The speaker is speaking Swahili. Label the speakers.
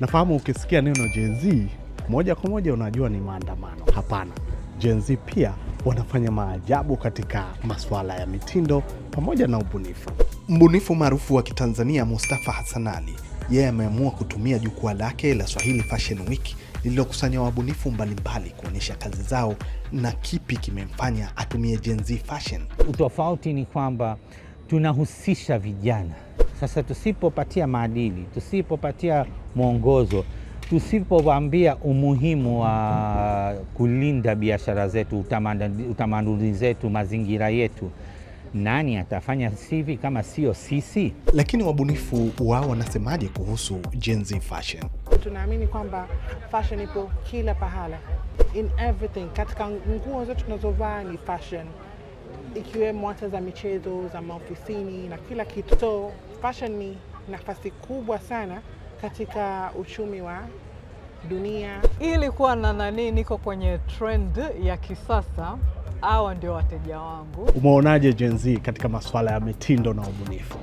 Speaker 1: Nafahamu ukisikia neno Gen Z moja kwa moja unajua ni maandamano. Hapana, Gen Z pia wanafanya maajabu katika masuala ya mitindo pamoja na ubunifu. Mbunifu maarufu wa Kitanzania Mustafa Hassan Ali yeye yeah, ameamua kutumia jukwaa lake la Swahili Fashion Week lililokusanya wabunifu mbalimbali kuonyesha kazi zao na kipi kimemfanya atumie Gen Z fashion.
Speaker 2: Utofauti ni kwamba tunahusisha vijana sasa tusipopatia maadili, tusipopatia mwongozo, tusipowaambia umuhimu wa kulinda biashara zetu, utamaduni zetu, mazingira yetu, nani atafanya hivi kama sio sisi?
Speaker 1: Lakini wabunifu wao wanasemaje kuhusu Gen Z fashion?
Speaker 3: Tunaamini kwamba fashion ipo kila pahala, in everything. Katika nguo zote tunazovaa ni fashion, ikiwemo hata za michezo, za maofisini na kila kitu. So Passion ni nafasi kubwa sana katika uchumi wa dunia.
Speaker 4: Ili kuwa na nani, niko kwenye trend ya kisasa. Hawa ndio wateja wangu.
Speaker 1: Umeonaje Gen Z katika masuala ya mitindo na ubunifu?